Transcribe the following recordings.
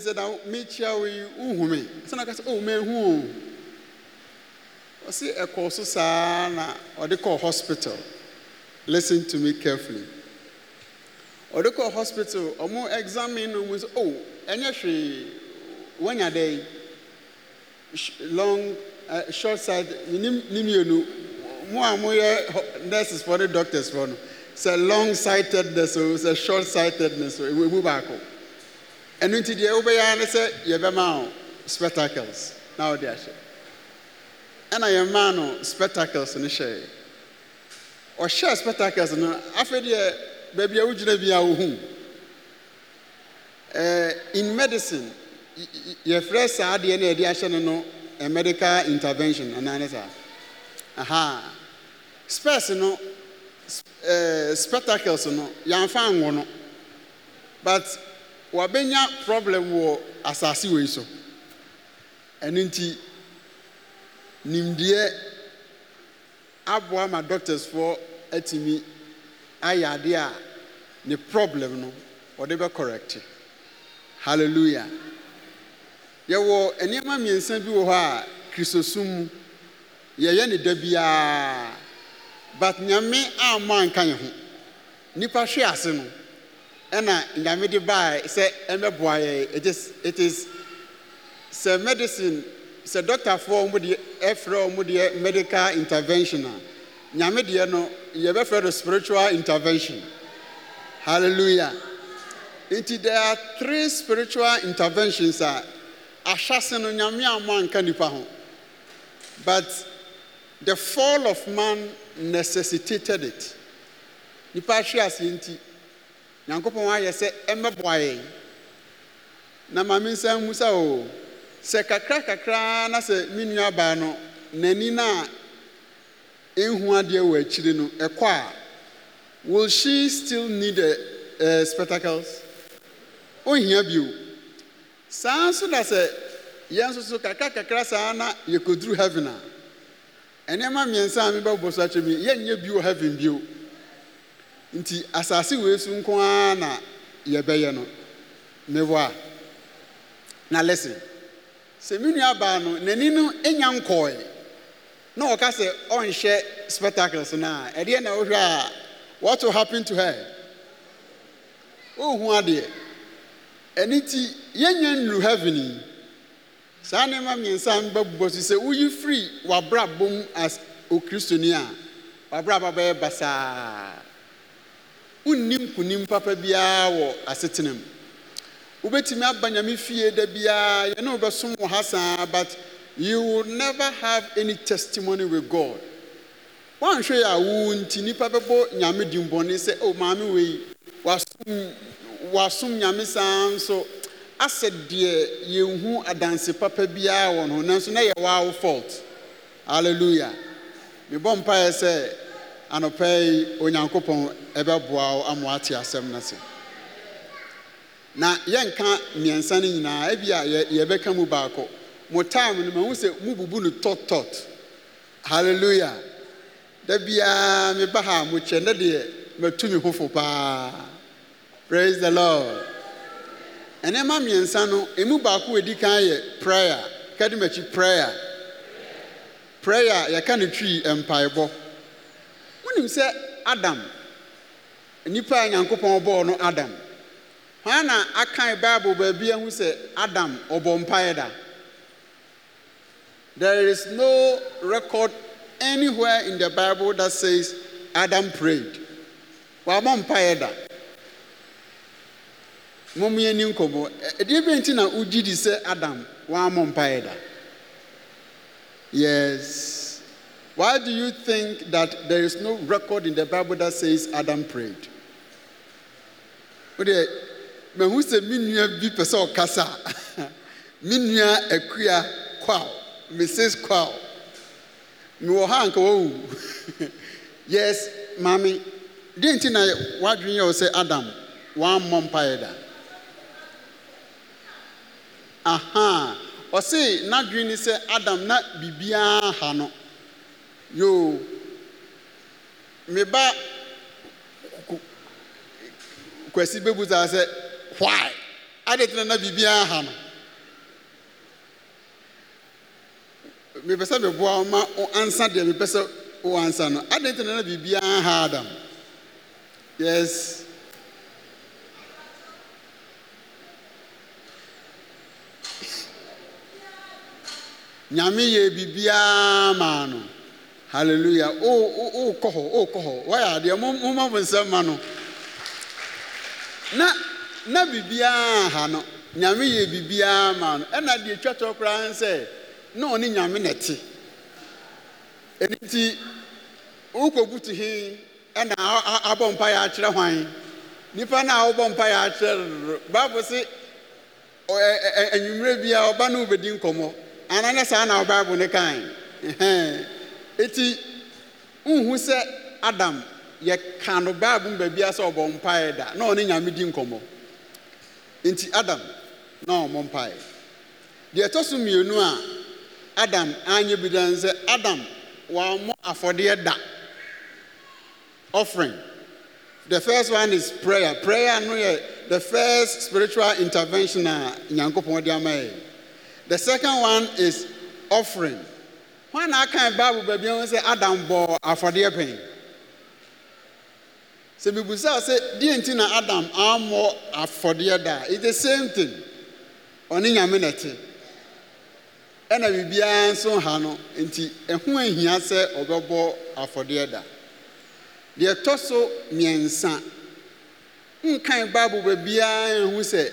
sɛ na mekyia We yi wohume So, na ka sɛ o mehu o ɔse ɛkɔɔ so saa na ɔde kɔɔ hospital listen to me carefully ɔde kɔɔ hospital to examine no mu sɛ o ɛnyɛ hwee wanya dɛn long uh, short side ne mmienu mo a moyɛ nurses fɔ ne doctors fɔ no sɛ long sightedness It's a short sightedness o back baako. ɛno nti deɛ wobɛyɛ a ne sɛ yɛbɛma wo spectacles na wode ahyɛ ɛna yɛmmaa no spectacles no hyɛe ɔhyɛɛ spectacles no afei deɛ baabia wo gyina bi a wohuu in medicine yɛfrɛs saa deɛ no ɛde ahyɛ no no medical intervention anaa ne saa ha spers no spectacles no yɛamfa anwo no bt wɔabɛnya problem wɔ asase wei so ɛno nti nimdeɛ aboa ma doctorsfoɔ atumi ayɛ adeɛ a ne problem no wɔde bɛcorrect halleluya yɛwɔ nneɛma mmiɛnsa bi wɔ hɔ a kristosum mu yɛyɛ ne da biara but nyame amma nka yɛ ho nnipa hwe ase no ɛna nyamede bae sɛ mbɛboayɛ itis sɛ medicine sɛ dɔktafoɔ modeɛ frɛ wɔ modeɛ medical intervention a nyamedeɛ no yɛbɛfrɛ do spiritual intervention halleluja nti there are three spiritual interventions a ahwɛ se no nyame ammo anka nnipa ho but the fall of man necessitated it nnipa hwe aseɛ nti nyankopɔn ayɛ sɛ ɛmmɛboa yɛn na ma me nsa mu sa o oh, sɛ kakra kakra na sɛ me nua baa no n'ani no a ɛnhu adeɛ wɔ akyiri no ɛkɔ a will she still need a, a spectacles ɔnhia bio saa nso na sɛ yɛn nso so kakra kakra saa na yɛkɔduru heaven a ɛnneɛma mmiɛnsa a mebɛbɔ so akyerɛ mi yɛnnyɛ bio heaven bio nti asase wee so nko ara na yɛbɛyɛ no mewɔ a na lɛsen sɛ me nua no n'ani no nya nkɔɔe na ɔka sɛ ɔnhyɛ spectacles no a ɛdeɛ na ɔhwɛ a what will happen to her ɔnhu adeɛ ɛno nti yɛnya nnuru heaven yi saa nneɛma mmiɛnsa mbɛbobɔ so sɛ woyi firi w'abrabɔ mu as okristoni a w'abrabɔ bɛyɛ basaa wonnim ponnim papa biara wɔ asetene mu wobɛtumi aba nyame fie da biara yɛne wobɛsom wɔ hasaa but youwl never have any testimony with god woanhwɛ eɛ a wo nti nnipa bɛbɔ nyame dimbɔne sɛ omaame oh, wei wɔasom nyame saa nso asɛ deɛ yɛnhu adanse papa biara wɔ no ho nanso na yɛwɔa wo fault alleluia mebɔ mpaeɛ sɛ anɔpa yi onyankopɔn ɛbɛboa wo ama ate asɛm no se na yɛnka mmiɛnsa no nyinaa ebi a yɛbɛka mu baako mo time no mahu sɛ mububu no tɔtɔt halleluya da biara meba ha a mokyɛ ne deɛ matu me ho fo paa praise the lord ɛnɛma mmiɛnsa no emu baako a ɛdi kan yɛ prayer kadimakyi prayer prayer yɛka no twii mpaebɔ wonim sɛ adam nnipa a nyankopɔn ɔbɔɔ no adam hwan na akae bible baabi ahu sɛ adam ɔbɔ mpaeɛ da there is no record anywhere in the bible that says adam prayed wabɔ mpaeɛ da mommyɛni nkɔmmɔ ɛdeɛ bi nti na wogye di sɛ adam wammɔ mpaeɛ da yes Why do you think that there is no record in the Bible that says Adam prayed? Wode mahu sɛ me nua bi pɛ kasa, ɔkasa ekuya kwao, akua kwao. mrs kwaw mewɔ ha anka wawu yes maame deɛ you na wadwene yɛ wo sɛ adam one mpaeɛ da aha ɔse n'adwene ne adam na biribiara ha no yoo meba ba kwasi bebu why ade na biribiara aha no mepɛ sɛ meboa wo ma ansa deɛ mepɛ sɛ wo ansa no ade na biribiara aha adam yes nyame yɛ biribiara maa no haleluya wokɔ hɔ wokɔ hɔ wayɛ adeɛ momma mo nsɛm ma no na na biribiara ha no nyame yɛ biribiara ma no ɛna deɛ twɛtɔ koraa sɛ na ɔne nyame na ɛte ɛno nti wokɔbutu he ɛna abɔ mpa yɛ akyerɛ hwan nnipa na a wobɔ mpa yɛ akyerɛ bible se anwummerɛ bi a ɔba ne wobɛdi nkɔmmɔ anaa ne saa na bible ne kae ɛti nhu sɛ adam yɛka no biibl mu baabia sɛ wɔbɔ mpaeɛ da na ɔ ne nyame di nkɔmɔ enti adam na wɔmmɔ mpaeɛ deɛ ɛtɔ so mmienu a adam aanyɛ bi dɛm sɛ adam wammɔ afɔdeɛ da offering the first one is prayer prayer no yɛ the first spiritual intervention a nyankopɔn de amaɛɛ the second one is offering hwan na aka bible baabi ho sɛ adam bɔɔ afɔdeɛ pɛn sɛ bibusaa sɛ deɛ nti na adam ammɔ afɔdeɛ da it's the same thing ɔne nyame na ɛte ɛna biribiara nso ha no nti ɛho ahia sɛ ɔbɛbɔ afɔdeɛ da deɛ ɛtɔ so mmiɛnsa nkan e bible baabiara ɛho sɛ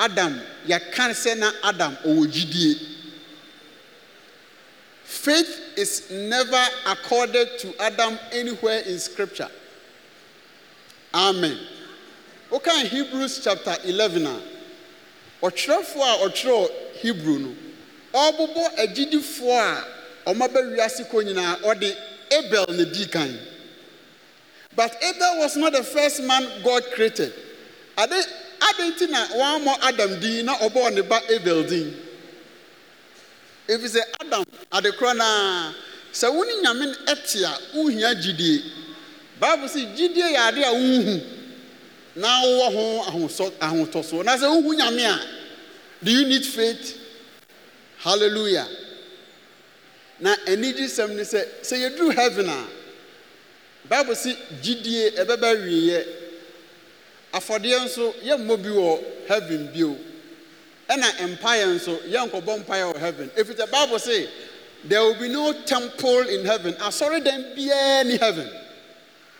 adam yɛka sɛ na adam ɔwɔ gyidie Faith is never accorded to Adam anywhere in Scripture. Amen. Okay, Hebrews chapter 11. Ɔtwerɛfoɔ a ɔtwerɛ Hebrew no, ɔrebobɔ agyidifoɔ a ɔmabɛwiase kɔ nyinaa ɔde Abel na di kan. But Abel was not the first man God created. Ade ade nti na wɔn amɔ Adam din na ɔbɔɔ ne ba Abel din. ɛfiri sɛ adam adekorɔ no uh, a sɛ wo ne nyame ɛte a wohia gyidie bible sɛ gyidie yɛ ade a wonhu na wowɔ ho ahotɔsoɔ na sɛ wohu nyame a do you need faith hallelujah na anigye sɛm ne sɛ sɛ yɛduru heaven uh. a bible sɛ gyidie ɛbɛbɛ wieɛ afɔdeɛ nso yɛmmɔ bi wɔ heaven bio ɛnna mpaeɛ nso yɛrnkɔbɔ mpaeɛ wɔ heaven ɛfita bible se dere wol be no temple in heaven asɔredɛn biara ne heaven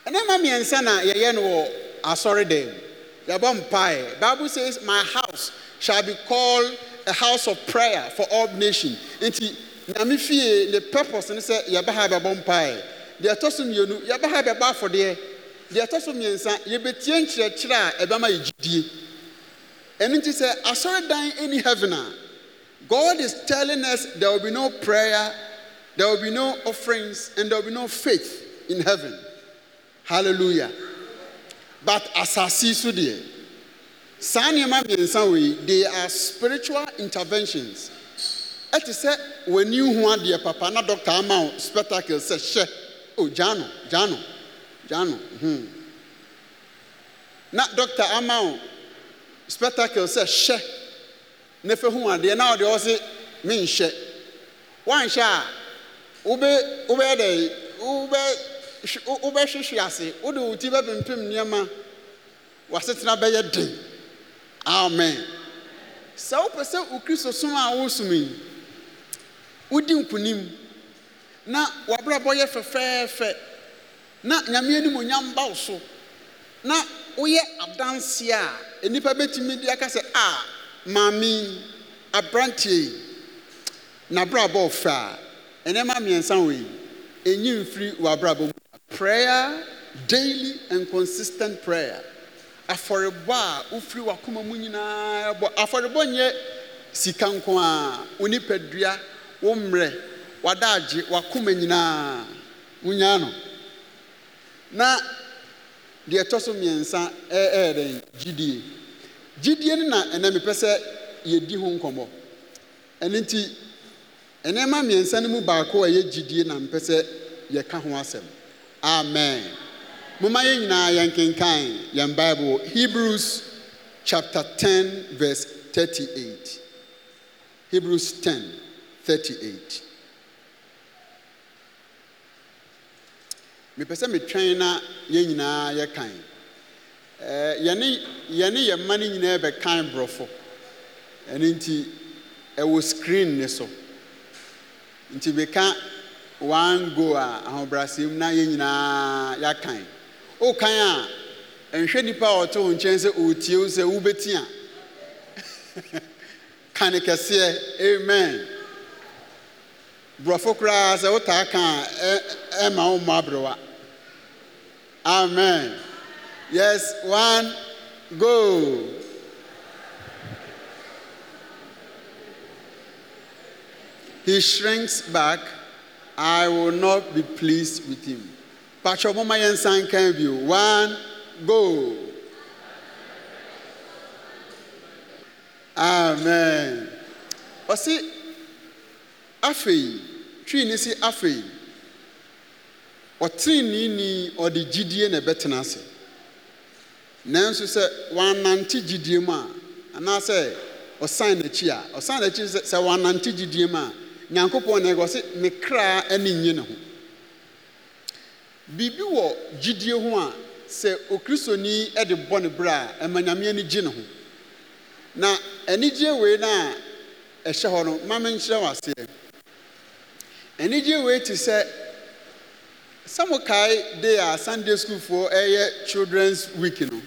ɛnɛ ma mmiɛnsa na yɛyɛ no wɔ asɔredan yɛbɔ mpaɛ bible says my house syall be called a house of prayer for all nation nti name fie ne purpose ne sɛ yɛbɛ ha bɛbɔ mpaɛ deɛ ɛtɔ somyenu yɛbɛha bɛbɔ afodeɛ deɛ ɛtɔ sommiɛnsa yɛbɛtie nkyerɛkyerɛ a ɔbɛma yɛgyidie And it is a dying any heaven. God is telling us there will be no prayer, there will be no offerings, and there will be no faith in heaven. Hallelujah. But as I see saa nneɛma mmiɛnsa wei, they are spiritual interventions. Ɛte when you hu adeɛ papa na doctor ama wo spectacle sɛ hyɛ, o oh, Jano, Jano, Jano. hmm. na doctor ama spectakle sɛ hyɛ ne fahuw adeɛ na odeɛ wo se menhyɛ woanhyɛ a wwobɛyɛ de wobɛhwehwe ase wode woti bɛbenpem nneɔma wasetena bɛyɛ den amen sɛ wopɛ sɛ wo kristo sono a worsomyi wodi nkonim na wabrabɔyɛ fɛfɛɛfɛ na nyameanom onya mba w so na woyɛ adanseɛ a nipa bɛtumi de a ka sɛ a maame abranteɛi nabrabɔɔfrɛa ɛnɛ ma miɛnsa wo yi ɔnyim mfiri wɔ abrabɔ mu prayer daily and consistent prayer afɔrebɔ a wofiri wakoma mu nyinaa bɔ afɔrebɔ nyɛ sika nko a o nipadua wo mmerɛ wadaagye wakoma nyinaa wonya no na deɛ ɛtɔ so mmiɛnsa ɛyɛ gyidie gyidie no na ɛnɛ mepɛ sɛ yɛdi ho nkɔmmɔ nti nneɛma mmiɛnsa no mu baako a ɛyɛ na mepɛ sɛ yɛka ho asɛm amen moma yɛn nyinaa yɛnkenkan yɛn bible hebrews chapter 10 verse 38 hebrews 10 38 mepɛ sɛ metwɛn na yɛn nyinaa yɛkan yɛne yɛn mma no nyinaa bɛkan borɔfo ɛno nti ɛwɔ screen ne so nti bɛka one go a ahobrɛaseɛm na yɛn nyinaa yɛakan wokan a nhwɛ nnipa a ɔte wo nkyɛn sɛ ɔretie wo sɛ wobɛti a kane kɛseɛ amen borɔfo koraa sɛ wotaa ka a ɛma wo mmɔ aberɛwa amen yes one go he shrinks back i will not be pleased with him patwɛ moma son can bio one go amen But ɔse afei twi ne si afei ɔteneeni ɔde gyidie na ɛbɛtena ase nanso sɛ wɔanante gyidie mu a anaasɛ ɔsan n'akyi a ɔsan n'akyi sɛ sɛ wɔanante gyidie mu a nyankopɔn na ɛgɔ sɛ ne kra ani nye ne ho biribi wɔ gyidie ho a sɛ okristoni de bɔ ne berɛ a ɛma nyame ani gye ne ho na anigye wei no a ɛhyɛ hɔ no ma menkyerɛ wɔ aseɛ anigye wee te sɛ sɛ mokae a sunday school schoolfoɔ ɛyɛ eh, children's week no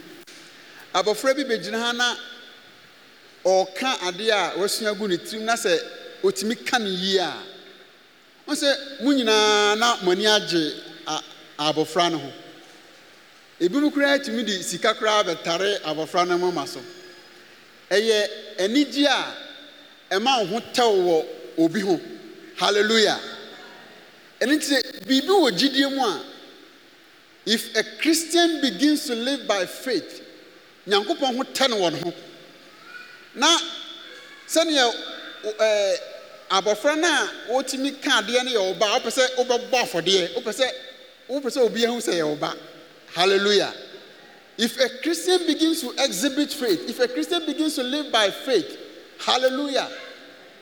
abɔfra bi bɛgyina ha na ɔreka adeɛ a wasua gu ne tirim na sɛ ɔtumi ka ne yie a ɔ sɛ mo nyinaa na mo ani agye abɔfra no ho ebinom koraa tumi de sika koraa bɛtare abɔfra no moma so ɛyɛ anigye a ɛma wo ho tɛw wɔ obi ho hallelujah. ɛno nti sɛ biribi wɔ gyidie mu a if a christian begins to live by faith nyankopɔn ho tɛ no wɔn ho na sɛnea ɛɛ abɔfra no a wɔtumi ka adeɛ no yɛ ɔba wopɛ sɛ wobɛbɔ afɔdeɛ wopɛ sɛ wopɛ sɛ obi ahu sɛ yɛ ɔba hallelujah if a christian begins to exhibit faith if a christian begins to live by faith hallelujah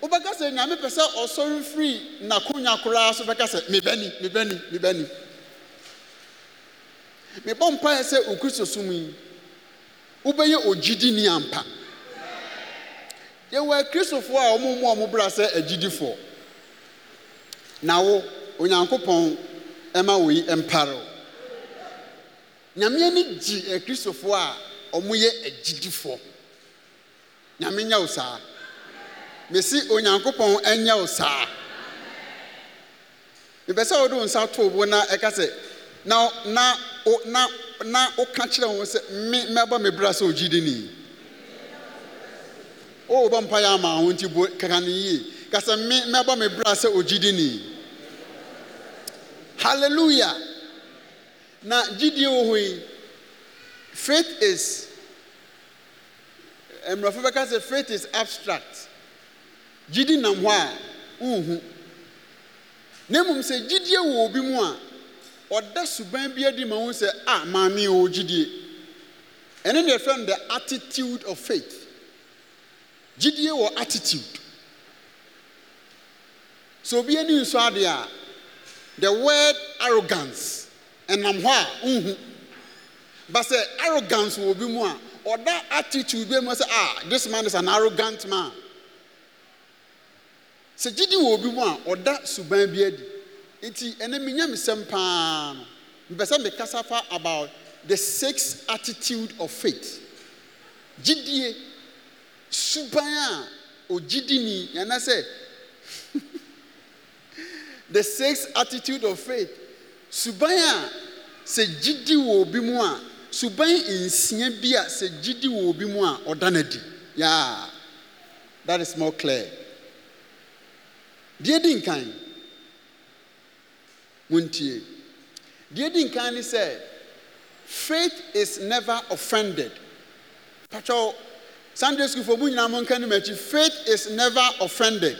wobɛka sɛ nyame pɛ sɛ ɔsɔre firi n'akonya koraa so bɛka sɛ mebɛni mebɛni mebɛni mebɔ mpaeɛ sɛ okristo som yi wobɛyɛ ogyidini ampa yɛwɔ akristofoɔ a ɔmomu a ɔmobra sɛ agyidifoɔ na wo onyankopɔn ɛma wo yi mpare wo nyame ani gye akristofoɔ eh, a agyidifoɔ nyame wo saa mɛsi onyankopɔn ɛnyɛ wo saa mepɛ sɛ wode wo nsa too bo na ɛka sɛ na woka kyerɛ wo h sɛ me mɛ aba me brɛ sɛ ogyidinnii o bɛ mpa yɛ ama wa honti bo kaka neyie ka sɛ me mɛ aba mebrɛ sɛ ogyidinni halleluia na gyidie wɔ hɔ i fit is mmarɔfo bɛka sɛ faith is abstract gyidi nam hɔ a wonhu na mmom sɛ gyidie wɔɔbi mu a ɔda suban bi adi ma ho sɛ a ah, maanee ɔ gyidie ɛno ne ɛfam the attitude of faith gyidie wɔ attitude sɛ obiani nsu adeɛ a the word arrogance nam hɔ a wonhu ba sɛ arrogance wɔɔbi mu a ɔda attitude biamua sɛ a ah, thisman es ana arrogant maa sɛ gyedi wɔbi mu a ɔda suban bi adi nti ɛnɛ menya me sɛm paa no mepɛ sɛ mekasa fa about the ses attitude of fate gyidie suban a ɔgye dinni yɛna sɛ the ses attitude of faith suban a sɛ gyedi wɔbi mu a suban nsia bi a sɛ gyedi wɔbi mu a ɔda no adi yaa that is mo clear deɛ di nkan muntie deɛ di nkan sɛ faith is never offended patwɛ sunday school fo mu nyinaa mo akyi faith is never offended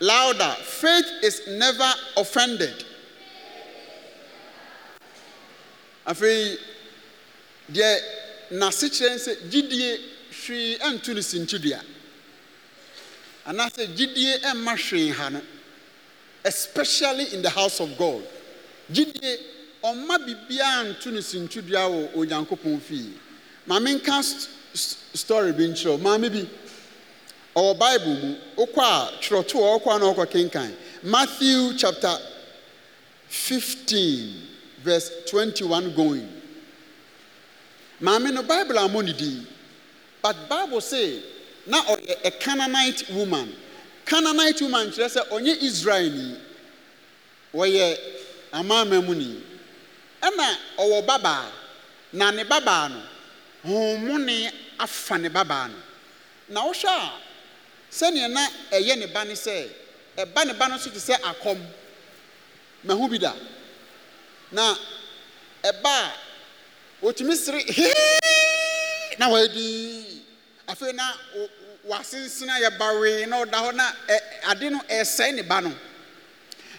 louder faith is never offended afei deɛ n'ase kyerɛ sɛ gyidie hwee ɛntu ne si anaasɛ gyidie ɛmma hwen ha no especially in the house of god gyidie ɔma biribiaa nto no sintiduaa wɔ onyankopɔn fie mamenka store bi nkyerɛw maame bi ɔwɔ bible mu wokɔ a kyerɛtoɔ ɔɔkɔa na ɔɔkɔ kenkan matthew chapter 5 vers 21ne goin maame no bible a mɔne dii but bible se na ɔyɛ a canaanite woman canaanite woman kyerɛ sɛ ɔnyɛ israelni wɔyɛ amamamuni ɛna ɔwɔ babaa na ne babaa no honhommɔne afa ne babaa no na ɔhwɛ a sɛnea na ɛyɛ ne ba ne sɛ ɛba ne ba no nso te sɛ akɔm mahu bi da na ɛba a wɔtumi sere hee na wɔadi afei na wasensena yɛ bawee na ɔda hɔ na ade no ɛsɛe ne ba no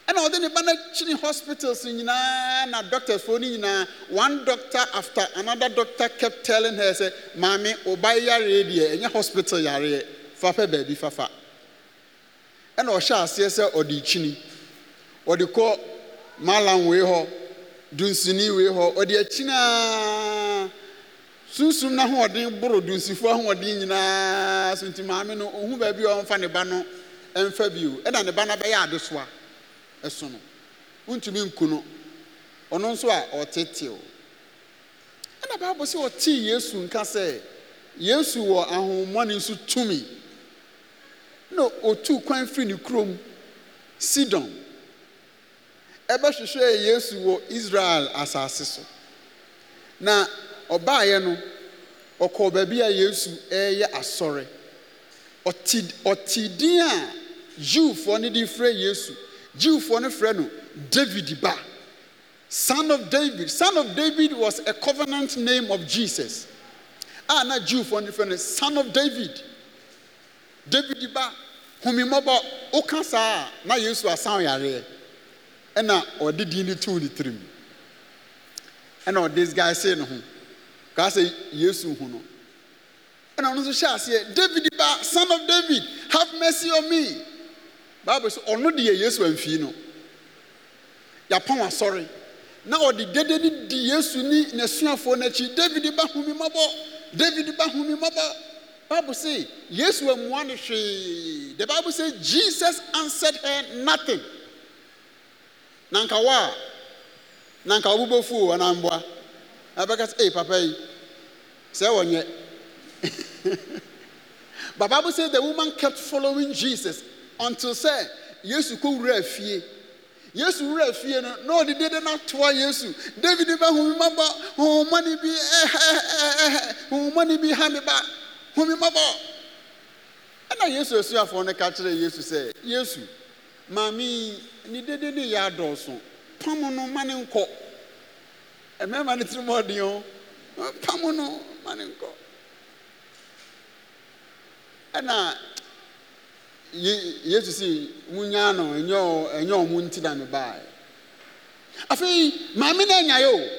ɛna ɔde ne ba no kyini hospitals nyinaa na doctors foɔ no nyinaa one doctor after another doctor kept telling her sɛ maame ɔba yareɛ deɛ ɛnyɛ hospital yareɛ fafa baabi fafa ɛna ɔhyɛ aseɛ sɛ ɔde kyini ɔde kɔ malam wei hɔ dunsini wei hɔ ɔde akyinaa sunsum na ahoɔden boro dunsifo ahoɔden nyinaa so nti maame no ohun baabi a ɔmfa ne ba no mfa bio ɛna ne ba no bɛyɛ adesoa ɛso no ntumi nkunu no ɔno nso a ɔtetew ɛna baabu sɛ ɔtee yesu nka sɛ yesu wɔ ahohommɔne nso tumi na otu kwan firi ne kurom sidon ɛbɛhwehwɛ yesu wɔ israel asase so na ɔbaeɛ no ɔkɔɔ baabi a yesu ɛreyɛ asɔre ɔte din a jiwfoɔ no de frɛ yesu jiwfoɔ no frɛ no david ba son of david son of david was a covenant name of jesus a na jiwfoɔ no frɛ no son of david david ba homimmɔbɔ woka saa a na yesu asan yareɛ ɛna ɔde din no too ne tirim ɛna ɔde guy sei ne ho kaa sɛ yesu hu no ɛna ɔno nso hyɛɛ aseɛ david ba son of david hav mersy ɔ me bible sɛ ɔno de yɛ yesu amfii no yɛapawo asɔre na ɔde dede ne di yesu ne n'asuafoɔ noakyi david ba homi mmabɔ david ba homi mmabɔ bible se yesu ammoa no hweee de bible sɛ jesus answered her nothin nankawa a nankawobobɔfuo anamboa abɛka sɛ ee papa yi sɛ wɔnyɛ but bible says the woman kept following jesus until sɛ yesu kɔ wura fie yesu wura fie no na ɔde dede no atoa yesu david bɛ homimabɔ homomɔne bi ɛhɛhɛhɛ eh, eh, eh, homomɔne bi ha me ba homimabɔ ɛna yesu asuafoɔ no ka kyerɛɛ yesu sɛ yesu maame ne dede ne yɛ adɔɔso pam no ma ne nkɔ mmarima no tiri mu ɔden o pam no ma ne nkɔ ɛna yesu si munya no ɛnyɛ ɔmo nti na ne baeɛ afei maame no anyaeɛ o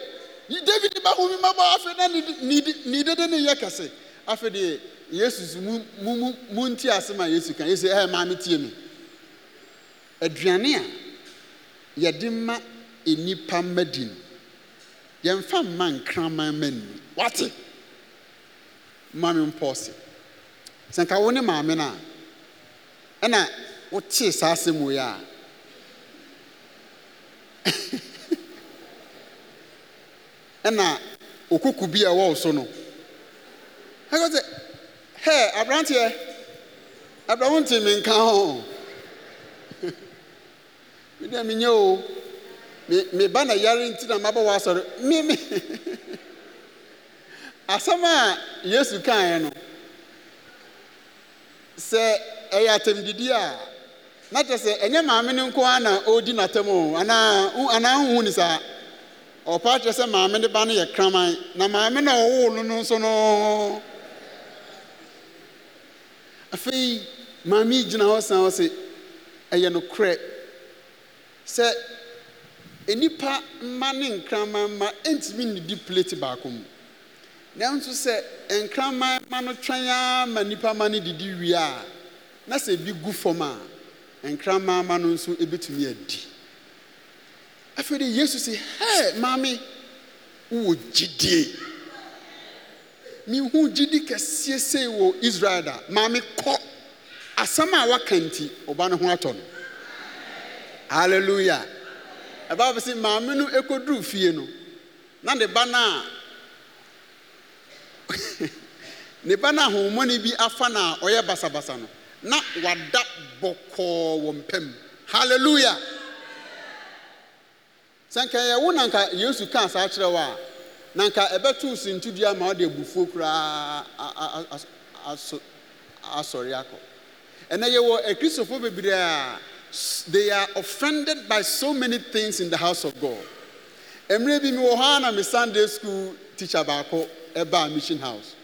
david ba ho mi ma bɔ afei na ne dede ne yɛ kɛse afei deɛ yesu mu mu mu nti asɛm a yesu ka yesu ɛyɛ maame tie mi aduane a yɛde ma nipa mma no yɛmfa mma nkraman ma nu wate mame mpɔ se sɛ nka wo ne maame no a ɛna wotee saa asɛm wei a ɛna okuku bi a ɛwɔ wo so no ɛkɔ sɛ hɛ aberanteɛ abrɛ wo nte menka ho medeɛ menyɛ o me ba na yare nti na mabɔ wɔ asɔre me asɛm a yesu kaeɛ no sɛ ɛyɛ atɛmdidi a na kyɛ sɛ ɛnyɛ maame no nko ara na ɔredi n'atɛm o anaa anaa huhu ne saa ɔpa kyerɛ sɛ maame ne ba no yɛ kraman na maame na a ɔwoo no no nso no afei maame yi gyina hɔ san hɔ sɛ ɛyɛ nokorɛ sɛ nnipa mma ne nkraman mma ntumi nnidi plate baako mu nanso sɛ nkraman mma no twɛn ara ma nnipa mma no didi wie a na sɛ ebi gu fam a nkraman mma no nso ebetumi adi afei de yesu sɛ hɛɛ maame wowɔ gyidie mihu gyidi kɛseɛ sei wɔ israel da maame kɔ asɛm a waka nti ɔba no ho atɔ no hallelujah. ɛbaa bɛ sɛ maame no ekoduru fie no na ne ba no a ne ba no ahomɔne bi afa no a ɔyɛ basabasa no na wada bɔkɔɔ wɔ mpam hallelujah. sɛ nka yɛwo na nka yesu kaa saa kyerɛ wo a na nka ɛbɛtoo sintudua ma wode abufuo koraa a a aso asɔre akɔ ɛnɛ yɛwɔ ekristofo bebree a they are offended by so many things in the house of God. mmerɛ bi mi wɔ hɔ na mi sunday school teacher baako ɛbaa mission house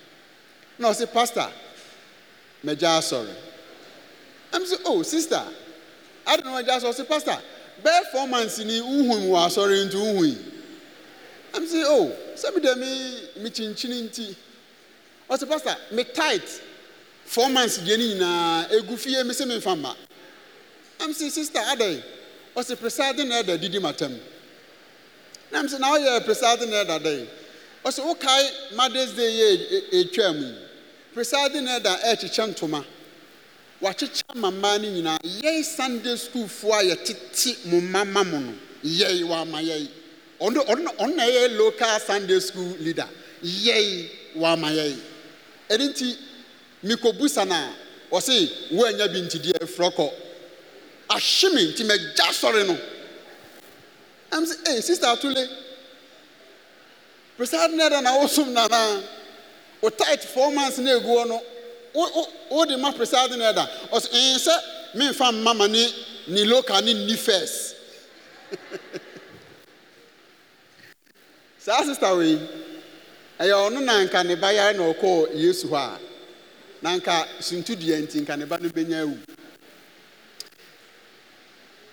na ɔsi pastor mɛgya asɔre ɛm sɛ oh sister adi na mɛgya asɔre ɔsi pastor bɛɛ four months ni nhun wɔ asɔre nti nhun ɛm sɛ oh sɛbi dɛ mi mi kyinkyini nti ɔsi pastor mi tight four months deɛ ni nyinaa egu fie mi sɛ mi nfa ma. am si sister adɛ ɔse prɛsaa adene ɛda didi matam nam si na woyɛɛ presa de ne ɛda da ɔsɛ wokae madres day yɛ e, e, twaa mu i prɛsaa dene ɛda ɛɛkyekyɛ ntoma wakyekyɛ ma maa no nyinaa yɛi sunday scuul foɔ a yɛtete mo mama mo no yɛi wama yɛi ɔnna ɛyɛ local sunday schoul leader yɛi wama yɛi ɛno nti mekɔbu sa no a ɔ se woanya bi ntediɛ frɔkɔ ahyemi me nti magya sɔre no ɛm sɛ ee sista atule presaade no ɛda na wosom nanaa wo tight four months na egwu hɔ no wo wo de ma presaade no ɛda ɔsɛ ee eh, sɛ memfa mmama ne ne loka ne nni first saa sista wei ɛyɛ ɔno na nka ne ba yare na ɔkɔɔ yesu hɔ a na nka suntu deɛ nti nka ne ba no bɛnya awu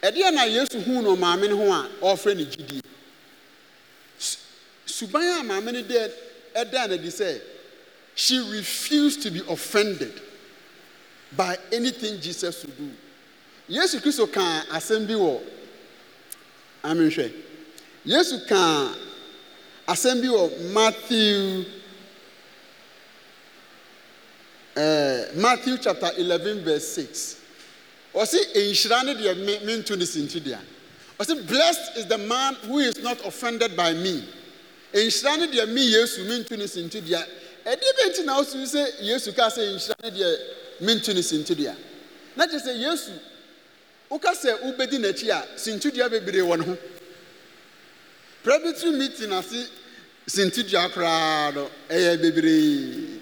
ɛdeɛ na yesu huu no maamene ho a ɔfrɛ ne gyidie suban a maamene de ɛdɛ a nadi sɛ hye refused to be offended by anything jesus so do yesu kristo kaa asɛm bi wɔ amenhwɛ yesu kaa asɛm bi wɔ amatew chapta 11 v 6 ɔ se nhyira no deɛ mento ne sintudua ɔ se blessd is the man who is not offended by me nhyira no deɛ me yesu mentu ne sintodua ɛdeɛ bɛnti na wosum sɛ yesu ka sɛ nhyira no deɛ mentu ne sintodua na kye sɛ yesu woka sɛ wobɛdi n'akyi a sintudua bebree wɔ ne ho prɛ bɛturu metin ase sintidua koraa do ɛyɛ bebree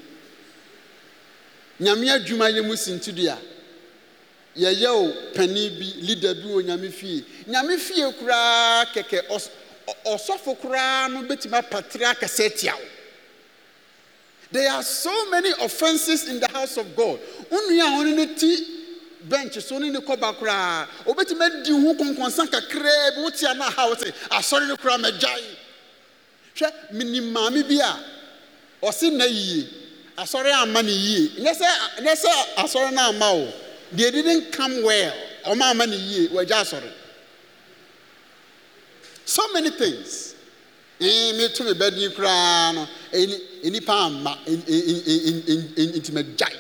nyamea adwuma yɛ mu sintidua yɛyɛ o panin bi leader bi wɔ nyame fie nyame fie koraa kɛkɛ ɔsɔfo koraa no bɛtumi apatire akasa atia wo there are so many offences in the house of god nnua a wɔn ne ti bench so ne ne kɔba koraa obetumi adi ho kɔnkɔnsa kakraa bi wotia na aha wote asɔre ne koraa mɛgyae hwɛ minim maame bi a ɔsi na yie asɔre ama ne yie nyɛ sɛ nyɛ sɛ asɔre na ama o. They didn't come well. were just sorry. So many things. meto eh, me bɛden koraa no nnipa amma nti magyae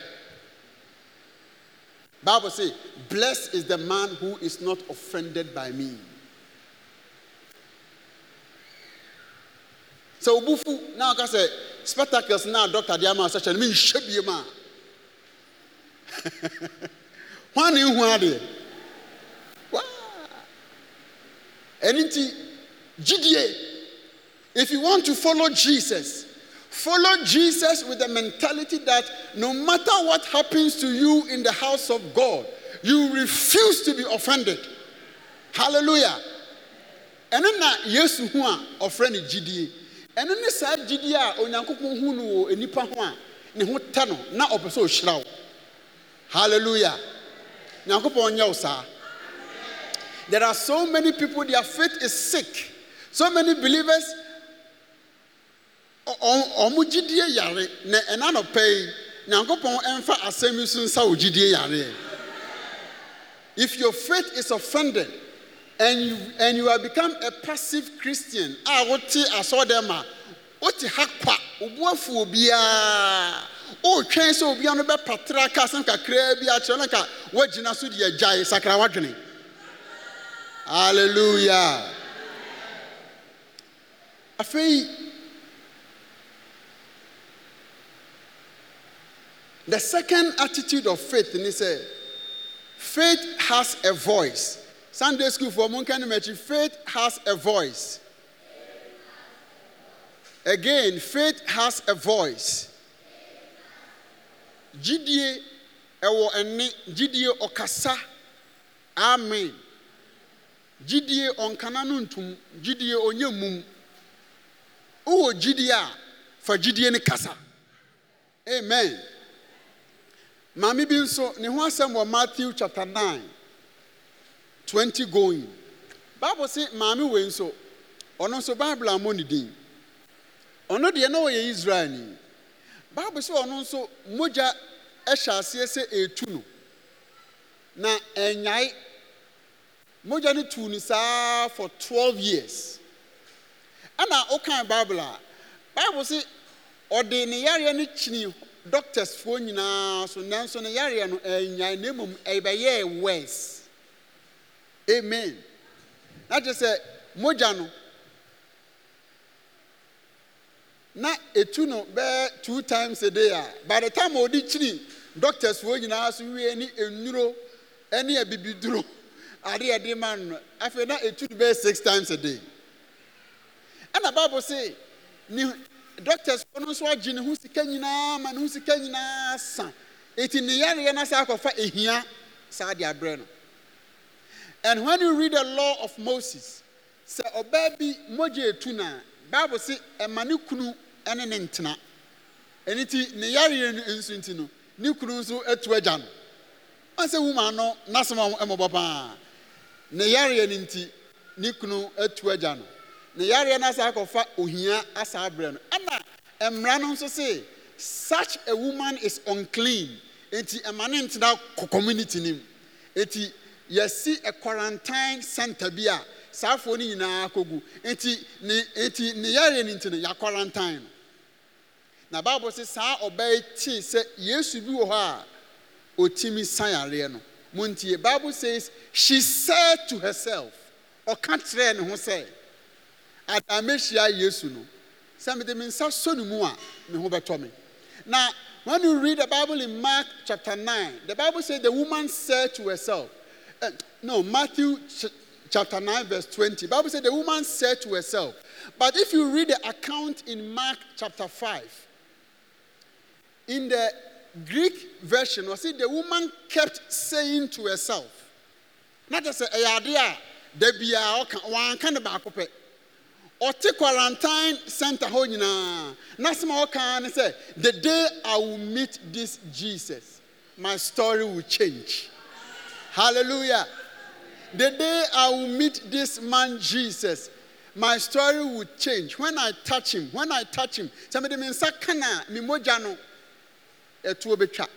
bible say blessed is the man who is not offended by me sɛ wobufu na woka say spectacles now doctor deɛ ama sɛ mean no menhyɛ biem a hwan na ihu adeɛ ɛno nti gyidie if you want to follow jesus follow jesus with the mentality that no matter what happens to you in the house of god you refuse to be offended hallelujah ɛno na yesu ho a ɔfrɛ no gyidie ɛno ne saa gyidie a onyankopɔn hu no wɔ nipa ho a ne ho tɛ no na ɔpɛ sɛ ɔhyira hallelujah nyankopɔn nyɛ there are so many people their faith is sick so many believers ɔmo gyidie yare na ɛna nɔpɛ yi nyankopɔn ɛmfa asɛm yi so nsa if your faith is offended and you, and you have become a passive christian a wote asɔɔdɛm a wote ha wotwɛn sɛ obia no bɛpatra ka asɛm kakraa bi akyerɛ no ka woagyina so de agyae sakra w'adwene halleluya afei the second attitude of faith ni sɛ faith has a voice sunday school for monka no makyi faith has a voice again faith has a voice gyidie ɛwɔ ɛne gyidie ɔkasa amen gyidie ɔnkana no ntum gyidie ɔnyɛ mum wowɔ gyidie a fa gyidie no kasa amen maame bi nso ne ho asɛm wɔ matthew chapter 9 20 going bible se maame wei nso ɔno nso bible ammɔ ne din ɔno deɛ na ɔyɛ baabu sɛ ɔno nso mogya hyɛ aseɛ sɛ ɛretu no na ɛnyae mogya no tuu no saa for twelve years ɛna wokan bible a bible sɛ ɔde ne yareɛ no kyini doctorsfoɔ nyinaa so nanso ne yareɛ no ɛnyae na mmom ɛbɛyɛɛ worse amen na kyerɛ sɛ mogya no na etu no bɛɛ two times a day a by the time ɔde kyiri doctors wɔn nyinaa so wie ne enuro ne abibiduro adeɛ de ma no afei na etu no bɛɛ six times a day ɛna bible say ne doctors wɔn nso agye ne ho sika nyinaa ma ne ho sika nyinaa san eti ne yareɛ na saa akɔfa ehia saa de abrɛ no and when you read the law of moses sɛ ɔbaa bi mogya etu naa. bible sɛ ɛma ne kunu ɛne ne ntena ɛno nti ne yareɛ no nso nti no ne kunu nso atu agya no ɔn wuma ano n'asɛm a ɛmɔbɔ paa ne yareɛ no nti ne kunu atu agya no ne yareɛ no asa akɔfa ohia asa abrɛ no ɛna mmara no nso si such a woman is unclean Eti ɛma ne ntena community nim Eti yɛsi a quarantine center bi a saa afoɔ no nyinaa nti ne nti ne yare no nti no yɛakɔrantan no na bible sɛ saa ɔbaa yi tee sɛ yesu bi wɔ hɔ a ɔtumi san yareɛ no mo bible says she said to herself ɔka kyerɛɛ ne ho sɛ adaa mɛhyia yesu no sɛ mede me nsa sɔ ne mu a ho bɛtɔ me na when you read the bible in mark chapter 9 the bible says the woman said to herself uh, no matthew chapter 9, verse 20. Bible said the woman said to herself. But if you read the account in Mark chapter 5, in the Greek version, was it the woman kept saying to herself, not just a idea, debia one kind of Or Ɔte quarantine center hɔ nyinaa n'asɛm a ɔka the day I will meet this Jesus my story will change hallelujah the day I will meet this man, Jesus, my story will change. When I touch him, when I touch him, somebody means sakana, mimojano, etuobecha.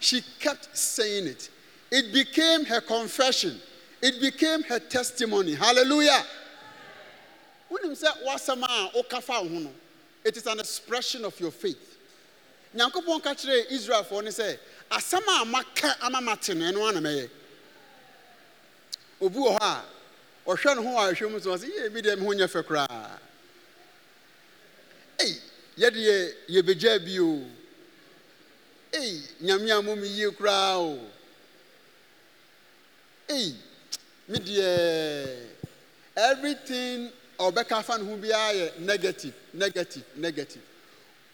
She kept saying it. It became her confession. It became her testimony. Hallelujah. It is an expression of your faith. nyankopɔn ka kyerɛ Israel no sɛ asɛm a maka ama no obuwɔ hɔ a ɔhwɛ ne ho wɔawhwɛmu sosɛ y mi deɛ meho nyɛ fɛ koraa e yɛdeyɛ yɛbgya bi o e nyame a momeyie koraa o e me deɛ everything ɔbɛka fa ne ho biara yɛ negati negativ negative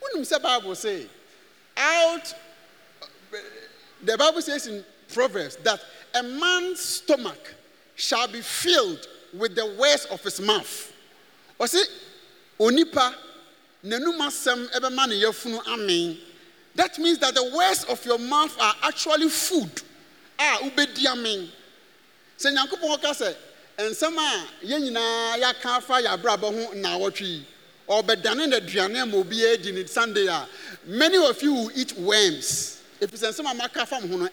wonim sɛ bible sei out he bible says in proverbs that amans stomach shall be filled with the words of his mouth. Ɔsi onipa n'anum asɛm ɛbɛma amen. That means that the words of your mouth are actually food a ah, ubedi amen. Sɛ nyankopɔn ɔka sɛ nsɛm a yɛn ya yɛaka afa yɛabrabɔ ho nnaawɔtwe yi ɔbɛdane n'aduane ma obi adi Sunday a many of you will eat worms. Efisɛ nsɛm a maka afa mo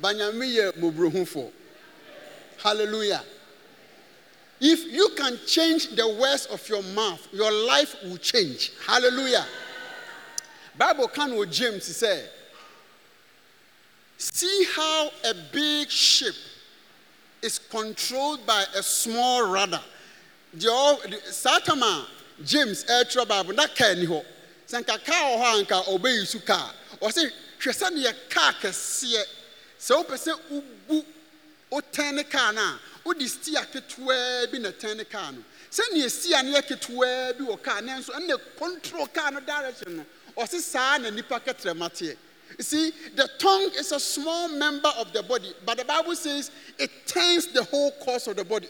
Banyami yɛ mobrohufo. Hallelujah. If you can change the words of your mouth, your life will change. Hallelujah. Bible can with James say, See how a big ship is controlled by a small rudder. Satama, James, ɛtwerɛ eh, Bible, na kaa ni hɔ. Sɛ nka kaa wɔ hɔ a nka ɔbɛyi su kaa. Ɔsɛ hwɛ sɛ ne yɛ kaa kɛseɛ sɛ wopɛ sɛ wobu wotɛn ne kaa no a wode stia ketewaa bi na ɛtɛn ne kaa no sɛnea stia ne yɛ ketewaa bi wɔ kaa nanso ɛnna control kaa no direction no ɔse saa na nipa kɛtrɛma teɛ See, the tongue is a small member of the body, but the Bible says it turns the whole course of the body.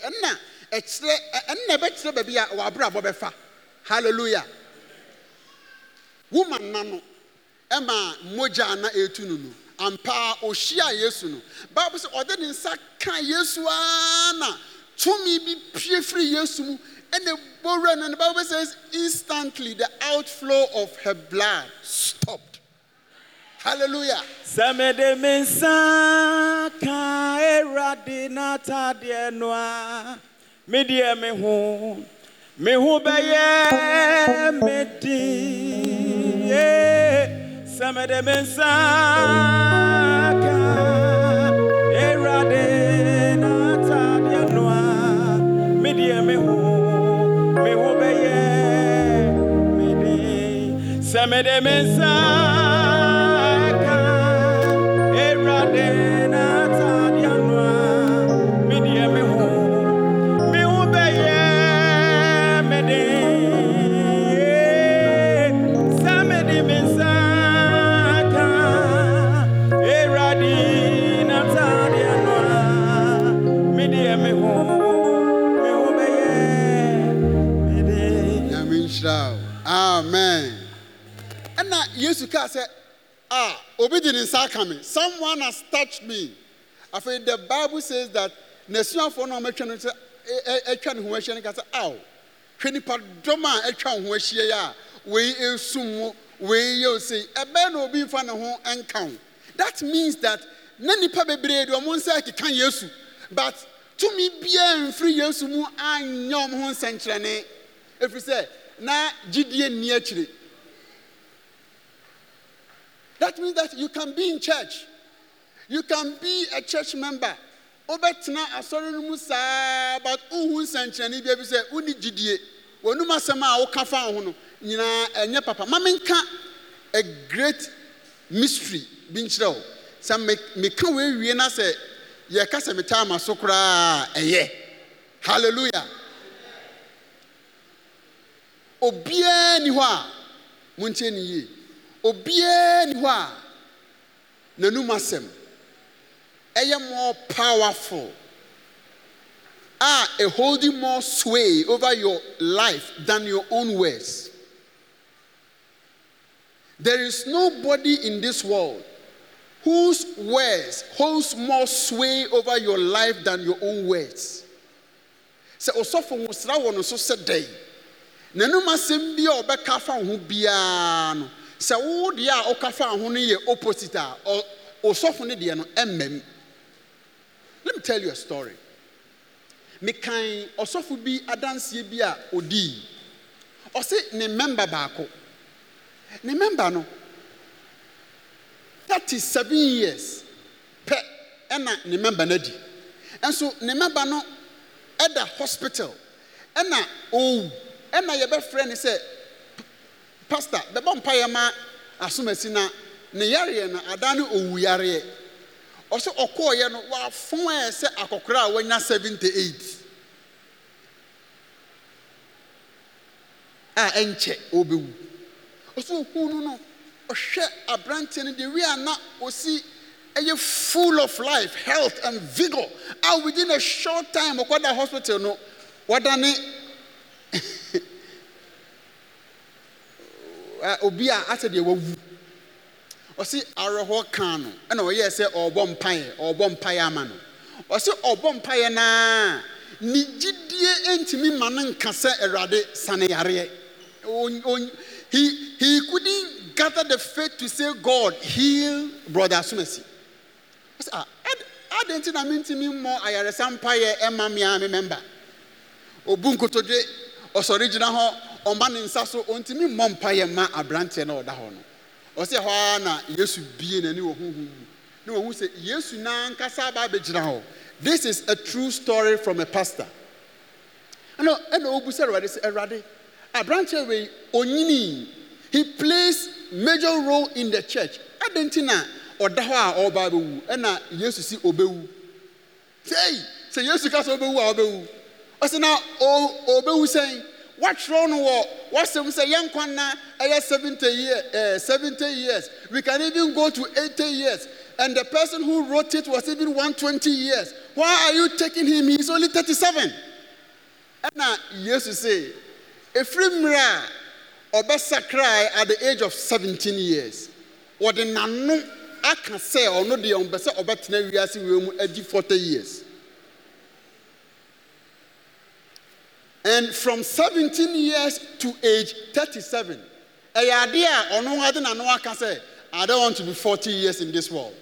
Hallelujah. Woman, nano, Emma, mojana, etununu ampa ohyia yesu no bible sɛ ɔde ne nsa ka yesu ara na tumi bi pie firi yesu mu ɛna ran, no the bible says instantly the outflow of her blood stopped hallelujah sɛ me nsa ka no a me ho me ho bɛyɛ me din yeah. Semede mensaka erade na tabia mensaka erade na tabia noa medie me kame someone as toch bei afei the bible says that n'asuafoɔ no amanoatwa ne ho ahyia no ka sa aw hwɛ nnipadɔm a atwa wo ho ahyia ei a wei sum wɔ weɛyɛ wosei ɛbɛɛ na ɔbi mfa ne ho nka ho that means that ne nnipa bɛbree de ɔmo n sɛ keka yɛsu but tumi biaa mfiri yesu mu anyɛ ɔm ho nsɛnkyerɛnnee ɛfiri sɛ na gyidie nni akyire tat means that you can be in church you can bi a church member wobɛtena asɔre no mu saa but wohu nsɛnkyerɛnne bia bi sɛ wonni gyidie w'anomasɛm a woka fao ho no nyinaa ɛnyɛ papa ma menka a great mystery bi nkyerɛ wo sa meka woawie no sɛ yɛrka sɛ metaama so koraa ɛyɛ halleluya obiaa nni hɔ a monti ni yie obiara ni hɔ a n'anum asɛm ɛyɛ more powerful a a holding more sway over your life than your own words. There is nobody in this world whose words holds more sway over your life than your own words. Sɛ ɔsɔfo nwosra wɔ no so sɛ dɛn, n'anum asɛm bi a ɔbɛka fa ho biara no. sɛ woo deɛ a ɔkafaw ho no yɛ oposit a ɔsɔfo no deɛ no ɛmmam lemi tell you a story mekae ɔsɔfo bi adanseɛ bi a ɔdii ɔse ne mmɛmba baako ne mmɛmba no 37 years pɛ ɛna ne mɛmba no adi ɛnso ne mɛmba no ɛda hospital ɛna owu ɛna yɛbɛfrɛ ne sɛ pastor bɛbɔ mpaeɛ ma asomasi na ne yareɛ no adaa ne owu yareɛ ɔsɛ ɔkɔɔyɛ no wafon a sɛ akɔkora a wanya 78 a ɛnkyɛ ɔbɛwu ɔsɛ ọkụ no no ɔhwɛ aberanteɛ no deɛ wia na ɔsi ɛyɛ full of life health and vigor a within a short time ɔkɔda hospital no wɔdane Eh, obi a asɛ deɛ wawu ɔsi awerɛhoɔ kan no ɛna ɔyɛ sɛ ɔrebɔ mpaeɛ ɔrebɔ mpaeɛ ama no ɔsi ɔrebɔ mpaeɛ naa ne gyidie ntumi ma no nka sɛ awurade sane yareɛ he he couldn't gather the faith to say god heal brother asumasi ɔsi ah adɛ nti na mentumi mmɔ ayaresa mpaeɛ ɛma mmea me member obu nkotodwe ɔsɔre gyina hɔ. ɔmma no nsa so ɔntimemmɔ mpa yɛ ma abranteɛ ne ɔda hɔ no ɔ sɛɛ hɔ ara na yesu bie naani wɔ hoho wu ne wɔhu sɛ yesu naa nkasa baabɛgyina hɔ this is a true story from a pastor ɛno ɛna wɔbu sɛrewade sɛ ɔwurade aberantɛ wei ɔnyinii he plays major role in the church adɛn nti na ɔda hɔ a ɔrɔbaa bɛwu ɛna yesu si ɔbɛwu sei sɛ yesu ka sa ɔbɛwu a wɔbɛwu ɔsɛ na ɔbɛwu sɛn wakyerɛw no wɔ woasɛm sɛ yɛnkwan na ɛyɛ 70 eh, years we kan even go to 80 years and the person who wrote it was even 1ne 20 years why are you takin him is only 37 ɛna yesu se ɛfiri mmerɛ a ɔbɛsakrae a the age of 17 years wɔde n'ano aka sɛ ɔno deyɛ wo bɛ sɛ ɔbɛtena wiase we mu adi 40 years And from 17 years to age 37, I don't want to be 40 years in this world.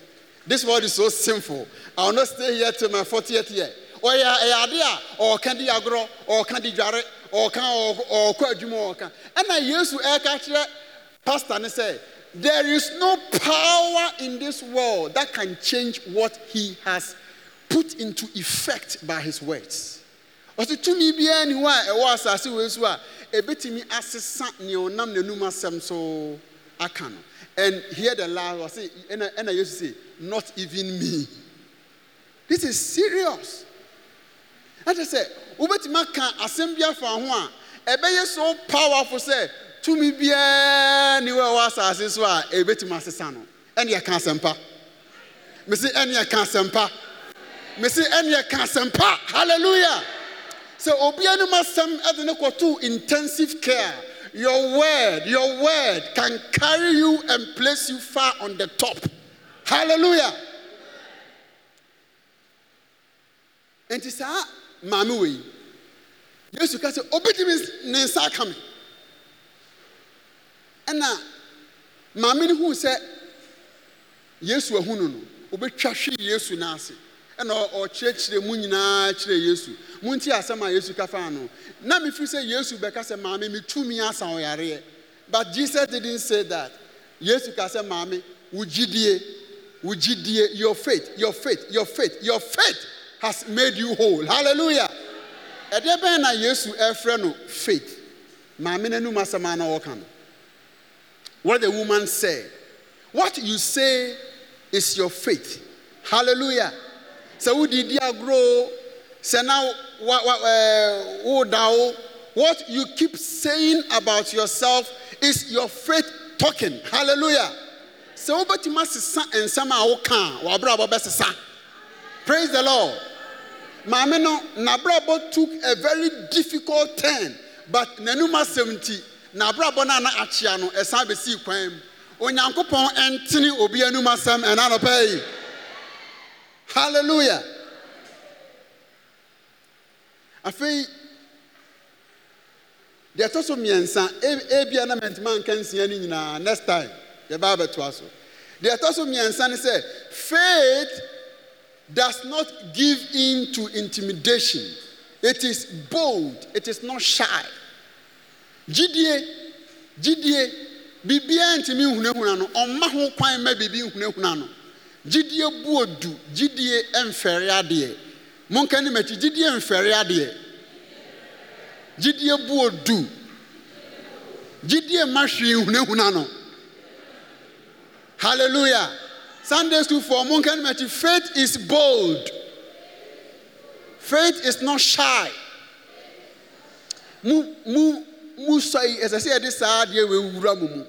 This world is so sinful. I will not stay here till my 40th year. Or yeah, or candy agro, or candy jare, or can or quajumo or can. And I used to air pastor and say, There is no power in this world that can change what he has put into effect by his words. ɔso tumi biara nni hɔ a ɛwɔ asase wei so a ɛbɛtumi asesa neɛ ɔnam n'nom asɛm so aka no ɛn he de la ɔse ɛna yesu sɛ not even me this is serious nakyɛɛ sɛ wobɛtimi aka asɛm bi afa ho a ɛbɛyɛ sow powafo sɛ tumi biara nni hɔ a ɛwɔ asase so a ɔbɛtumi asesa no ɛneɛ ka asɛm pa me se ɛnɛ ka asɛm pa me se ɛneɛ ka asɛm pa halleluia sɛ obia no masɛm ɛze no kɔtoo intensive care y wrdyour word kan carry you and place you far ɔn dhe top halleluja enti saa maame wei yesu ka sɛ obɛgim ne nsa ka me ɛna maame no huu sɛ yesu ahunu no wobɛtwa hwe yesu no ase ɛna ɔkyerɛkyerɛ mu nyinaa kyerɛ yesu monti asɛm a yesu kafaano na mefiri sɛ yesu bɛka sɛ maame metumi asa ɔyareɛ but jesus didnt sa that yesu ka sɛ maame wogyidie wogyidie y fit y fit y fith yo faith has made you hole halleluia ɛdeɛ bɛn na yesu ɛfrɛ no feit maame no anom asɛmaa na ɔwɔka no wa the woman sɛ what you se is yor feith halleluia sɛ wodidi agorɔ sɛ na woda wo what you keep saying about yourself is your faith talking hallelujah sɛ wobɛtumi asesa nsɛm a woka a wɔabrabɔ bɛsesa praise the lord maame no n'abrabɔ took a very difficult turn but n'anum asɛm nti n'abrabɔ no a na akyea no ɛsan bɛsii kwan mu onyankopɔn ɛntene obi anum asɛm ɛna nɔpɛ yi halleluya afei deɛ tɔ so mmiɛnsa e, bia na mantima a nka nsia no nyinaa next time yɛbɛa bɛtoa so de ɛ tɔ so mmiɛnsa ne sɛ feith does not give into intimidation it is bold it is no hyy gyidie gyidie biribiara ntimi nhunahuna no ɔma ho kwan mma biribi nhunahuna no gyidiɛ buɔdu gyidie mfɛreɛ adeɛ monka no mati gyidie mfɛreɛ adeɛ gyidiɛ boɔ du gyidie mmahwei hunahuna no halleluja sunday stuufo monka no maki fete is bold fete is no hyy musayi ɛsɛ sɛ yɛde saa adeɛ wewwura mu mu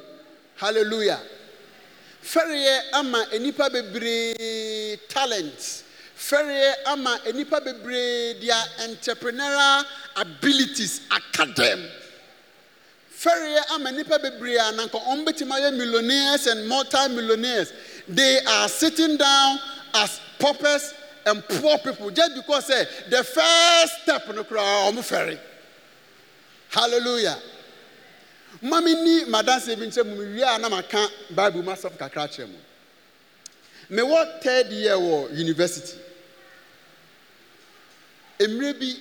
halleluja fɛreɛ ama nnipa bebree talent fɛreɛ ama nnipa bebree their entrepreneurial abilities aka dɛm fɛreɛ ama nnipa bebree a nanka ɔmbɛtumi millionaires and multi-millionaires they are sitting down as paupers and poor people just because say eh, the first step no koraa ɔmo fɛre hallelujah mma menni madasebi nkerɛ mmewiea na maka bible masɛf kakrakyerɛ mu mewɔ 3yɛa wɔ university mmerɛ bi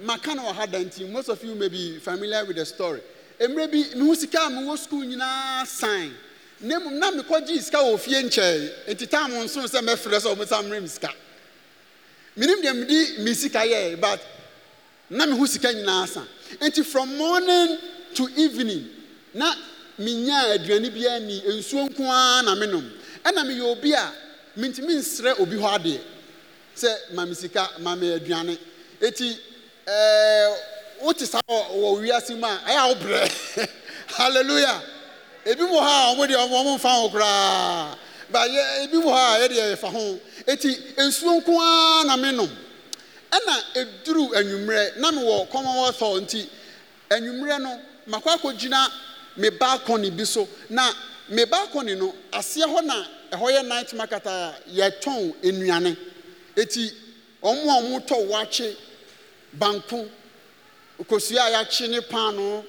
maka no hadanti most of you mɛbi familiar with a story mmɛ bimeho sikaa mwɔ sukul nyinaa san n m na meɔgyesikaɔfe kyɛe ntiasɛɛɛkeɛmekayɛna meho sika nyinaa sa nti frɔ moning to evening na menyaa aduane bi ani nsuo nko ara na menom ɛna meyɛ obi a mentumi nsrɛ obi hɔ adeɛ sɛ mame sika mame aduane eti ɛɛ wote saa wɔ wiase mu a ɛyɛ awobrɛ hallelujah ebi mu hɔ a wɔn deɛ wɔn mfa ho koraa ba yɛ ebi mu hɔ a yɛdeɛ yɛfa ho eti nsuo nko ara na menom ɛna eduru anwummerɛ na mewɔ kɔmɔwɔ sɔɔ nti anwummerɛ no. makɔ akɔgyina me balcony bi so na me balcony no aseɛ hɔ na ɛhɔ yɛ night market a yɛtɔn nnuane eti wɔn a wɔtɔ wakye banku kosua a yɛakye ne paano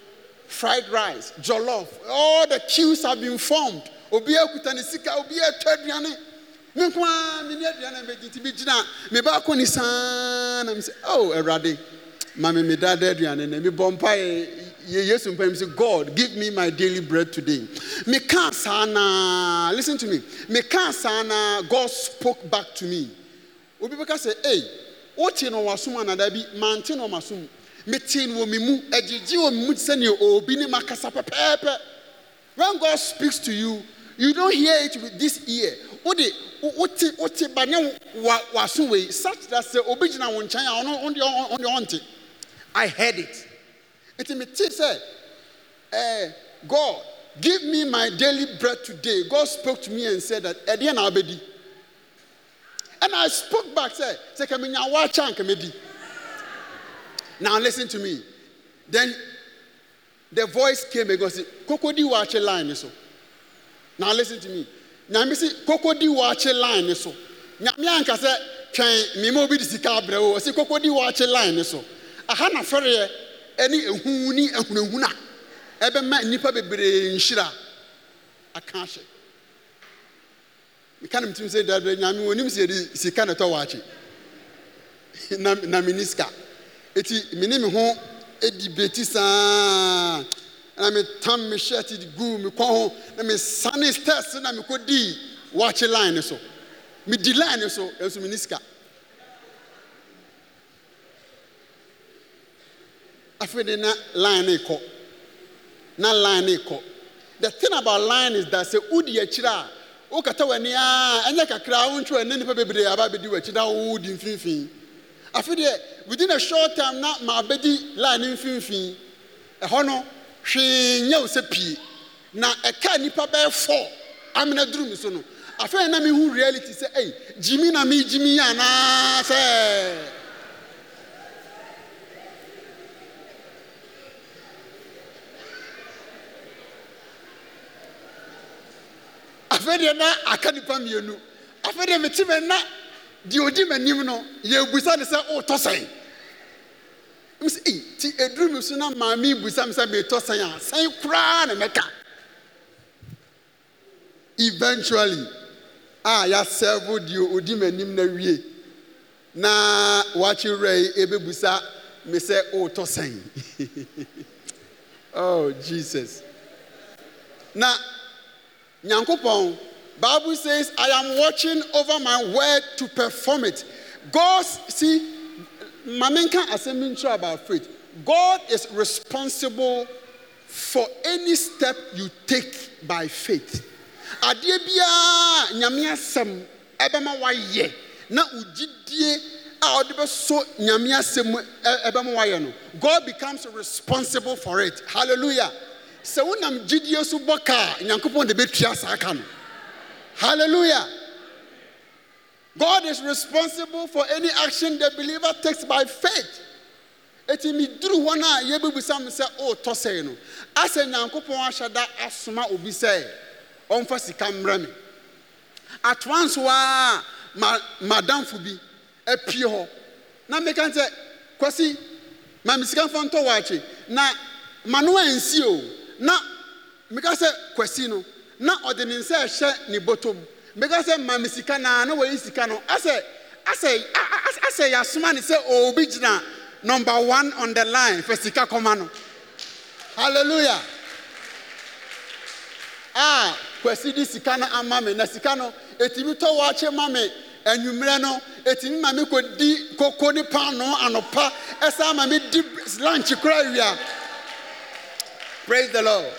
fried rice jollof all the queues have been formed obi ekuta ne sika obi etɔ aduane me nko ara ne aduane bi gyina me balcony saa na me sɛ oh awurade maame me da da aduane na me bɔ Yesu mpɛm sɛ God give me my daily bread today. Mekaa sana. listen to me. Mekaa sana. God spoke back to me. Obi bɛka sɛ ee wotie no wasom anadaa bi mante no ɔmasom. Metee no wɔ me mu agyegye wɔ me mu sɛnea o ne makasa pɛpɛɛpɛ. When God speaks to you, you don't hear it with this ear. Ode wote wote ba ne wasom such that sɛ obi gyina wo nkyɛn a ɔno ɔnde ɔnte. I heard it nti mete sɛ eh, ɛɛ god give me my daily bread today god spoke to me and said that ɛdeɛ na abɛdi and i spoke back sɛ sɛ kɛmɛ nya wakyɛ nkɛmɛ now listen to me then the voice came again say koko di wa line so now listen to me nyame si koko di wa line so nyame anka sɛ twɛn mmemme obi di sika abrɛ o ɔsi koko di wakyɛ line so aha na fɛrɛɛ. ɛne ɛhuni ahunahuna ɛbɛma nnipa bebree nhyira aka hyɛ meka ne me tirim sɛdabrɛ nyame wɔnim siede sika ne tɔ wache na menni sika ɛti menime ho di beti saa na metam mehyɛ ti gu me kɔho nmesane stes na mekɔdii wache line so medi line so ɛnso menniska afei deɛ ne line ne kɔ na linene kɔ the thin about line is da sɛ wodi akyirɛ a wokata woane aa ɛnyɛ kakra wo ntwerɛw nne nnipa bɛbreɛ a bɛabɛdi woakyira woo di mfinimfii afeideɛ within a short time na maabɛdi line ne mfinimfii ɔhɔ no hwee nyɛ wo sɛ pie na ɛka nnipa bɛɛfɔ amena durom so no afeidɛ na mehu reality sɛ ei dgyimi na megyimi yɛ anaa sɛ afɛ deɛ na aka nipa miɛnu afei deɛ mete me na deɛ odi m'anim no yɛbusa no sɛ woretɔ sɛn m sɛ nti ɛduruno su no maa mebusa me sɛ mitɔ sɛn a sɛn koraa ne mɛka eventually a yɛasɛrvo deɛ odi m'anim no awie na wachye werɛi ɔbɛbusa me sɛ woretɔ sɛn o oh, jesus na nyankopɔn bible says i am watching over my word to perform it god si mamenka asɛmmenkyerɛ about faith god is responsible for any step you take by faith adeɛ biaraa nyameasɛm ɔbɛma wayɛ na ɔgyidie a ɔde bɛso nyameasɛm mu bɛma wayɛ no god becomes responsible for it hallelujah sɛ wonam gyidie so bɔ kaa nyankopɔn de bɛtua saa ka no hallelujah god is responsible for any action the believer takes by faith ɛti meduru wɔn a yɛbɛbisa me sɛ ɔretɔ oh, sɛe no asɛ nyankopɔn ahyɛ da asoma obi sɛ ɔmfa sika mmrɛ me at once waa ma madamfo bi apie hɔ na meka sɛ kwasi ma me sika mfa ntɔ na ma no ansi o na meka sɛ kwasi no na ɔde ne nsa ɛhyɛ ne bɔtɔ mu meka sika naa na wɔyi sika no asɛ asɛ asɛ yasoma ne obi gyina nọmba wan on the line fɛ sika kọma no hallelujah a kwesị di sika no ama me na sika no etimi tɔ wɔakye ma me enwummerɛ etimi ma kọ di koko ne paano anɔpa ese ma me di lunch kora wia. pras he lord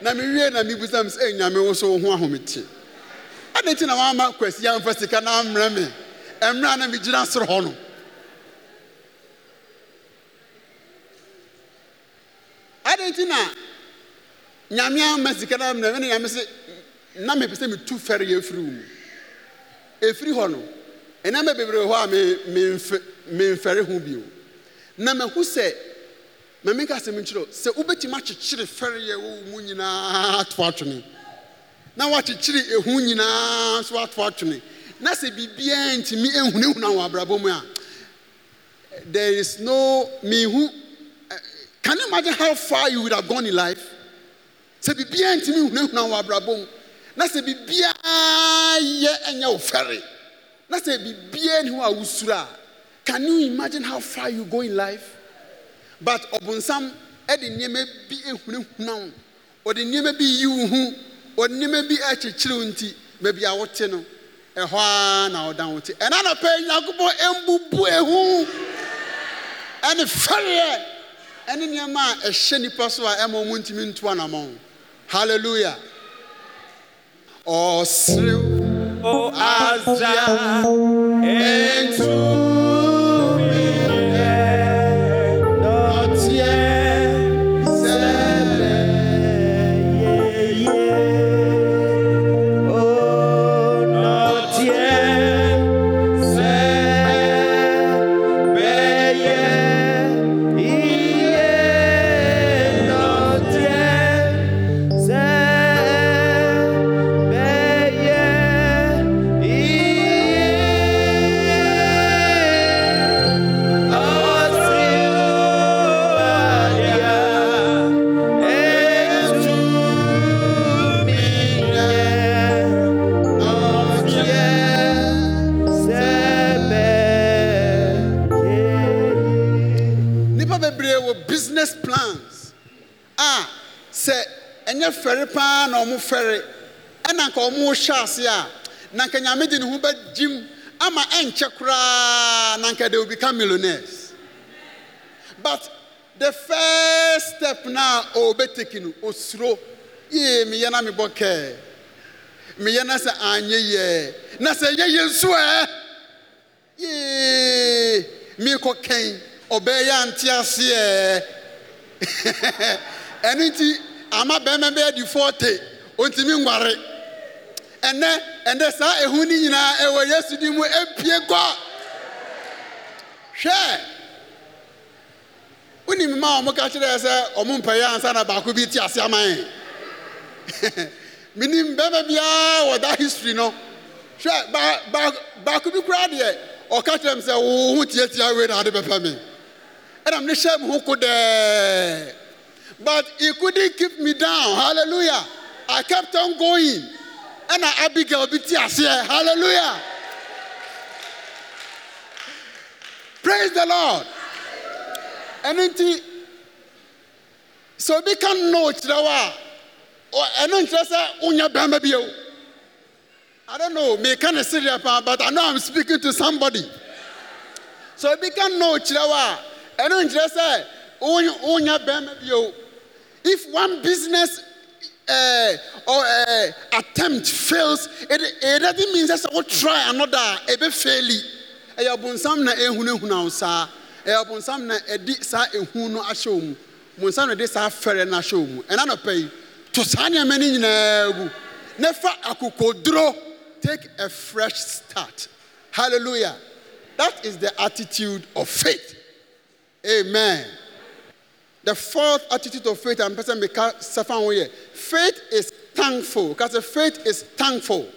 na me wie na mebusam sɛnnyame wo so wo ho ahomete adɛn nti na waama kwasi amfa sika no ammrɛ me ɔmmerɛ na megyina soro hɔ no adɛn nti na nyame amma sika no ammrɛmɛne nyame s na mepɛ sɛ metu fɛreyɛ afiri w mu ɛfiri hɔ no ɛna mabebrewe hɔ a memfɛre ho bio na mahu sɛ mameka sɛm kyerɛ sɛ wobɛtim akyekyere fɛre ɛ wowɔ mu nyinaa atowatwene na woakyekyere hu nyinaa nso watow atwene na sɛ biribiaa ntimi huna hunuwɔ abrabɔ mu a s nh eh, ano imagin how fa you hagone in lif sɛ bibiaa ntimi hunahunuwɔ abrabɔ m na sɛ biibiaa yɛ ɛnyɛ wo fɛre na sɛ biribiaa ne hu a wosuro a kan o imagine how far you go in life but ɔbonsam ɛde nneɔma bi hunuhunum ɔde nnoeɔma bi yiwo hu ɔde nneɔma bi akyekyerew nti mabia wo te no ɛhɔ aa na ɔdan wo te ɛna anapɛi nyankopɔn ɛmbubu ehu ɛne fɛreɛ ɛne nnoɔma a ɛhyɛ nnipa so a ɛma omu ntim nto anamawo halleluya ɔserew asa paa na ɔmo fɛre ɛna nka ɔmo hyɛ ase a na nka nyame de ne ho bɛgyim ama ɛnkyɛ koraa na nka they will become millionaires but the first step na ɔbɛteki no osuro yee meyɛ na mebɔ kɛɛ meyɛ na sɛ anyɛ yɛ na sɛ ɛnyɛ yɛ nso ɛ yee meekɔ kɛn ɔbɛɛyɛ ante aseɛ ɛno nti ama bɛrima bɛyɛ di fɔɔte ontumi nware ɛnɛ ɛnɛ saa ehu ni nyinaa ɛwɔ yesu di mu epie kɔ hwɛ wonim ma wɔn ka kyerɛ sɛ wɔn mpɛyɛ ansa na baako bi ti ase ama yɛn minim bɛrima biara wɔ da history no hwɛ ba ba baako bi kura deɛ ɔka kyerɛ mi sɛ wo ho tietia wei na ade bɛpɛ mi ɛnna mi hyɛ mi ho ko dɛɛ. but e couldn't keep me down halleluya i keptɔn goin ɛna abikaobi ti aseɛ halleluya prais the lord ɛno nti sɛ obi ka noo kyerɛ wɔ a ɛno nkyerɛ sɛ wonyɛ bɛrma bio i dɔn' no meka ne sedeɛ pa but i kno im speaking to somebody sɛ obi ka no kyerɛ wɔ a ɛno nkyerɛ sɛ wonyɛ bɛrima bio if one business uh, uh, attempt fails eɛrɛ de mi n sɛ sɛ wotry anoder a ɛbɛfɛili ɛyɛ bonsam na ɛhu no ahunawo saa ɛyɛ bonsam na ɛde saa ɛhu no ahyɛ wo mu bonsam na ɛde saa fɛrɛ no ahyɛ wo mu ɛna nɔpɛyi to saa nneɛmano nyinaa wu na fa akokoduro take a fresh start halleluja that is the attitude of faith amen t frth attitude of faith ammpɛ sa mɛka sɛfa ho yɛ faith is thankful ka sɛ faith is thankful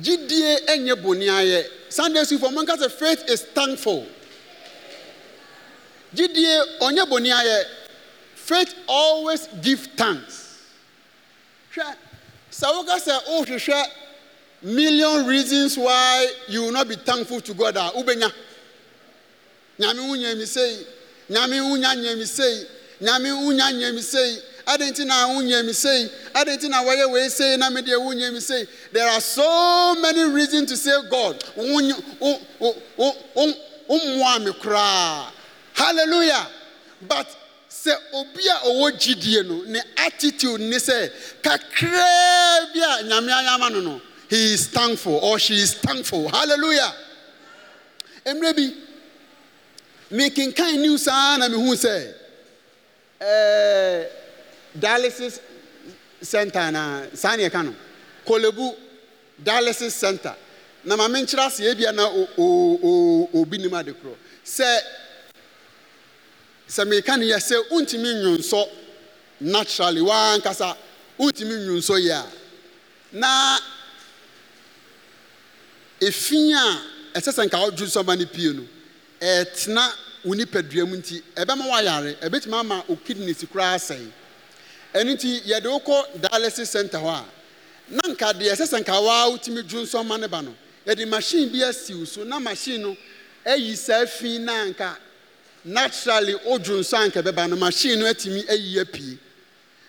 gyidie nyɛ boni ayɛ sunda sumfomo ka sɛ faith is tankful gyidie ɔnyɛ boni ayɛ faith always giv thanks hwɛ sɛ woka sɛ wowehwehwɛ million reasons why you wil no be thankful to god a ah, wobɛnya nyame wo nyɛmi si nyame wunya nyɛ sei nyame wunya nyɛ me sei adɛn na wunyɛ me sei na wɔyɛ sei na sei there are so many reasons to say god wommoa me koraa hallelujah but sɛ obi a ɔwɔ gyidie no ne attitude ne sɛ kakraa bi a nyame ayama no no he is thankful or she is thankful hallelujah mmerɛ bi mekenkane niw saa na mehuu sɛ eh, dialecy center na saa nea ɛka no kolɛbu dialycy center na ma menkyerɛ aseyɛ bia na obinim a de korɔ sɛ sɛ merka no yɛ sɛ wontimi nnwonsɔ naturally waaankasa wontimi nnwunsɔ yi a na ɛfii a ɛsɛ sɛ nka wodwosɔma no pie no ɛtena wo nipadua mu nti ɛbɛma woayare ɛbɛtumi ama wo kidneys koraa asɛe ɛno nti yɛde wokɔ dialysis center hɔ a na nka deɛ ɛsɛ sɛ nka waa wotumi dwo nsɔ ma ne ba no yɛde machine bi asiw so na machine no ayi saa fi na anka naturally odwo nsɔ anka bɛba no machine no atumi ayi apue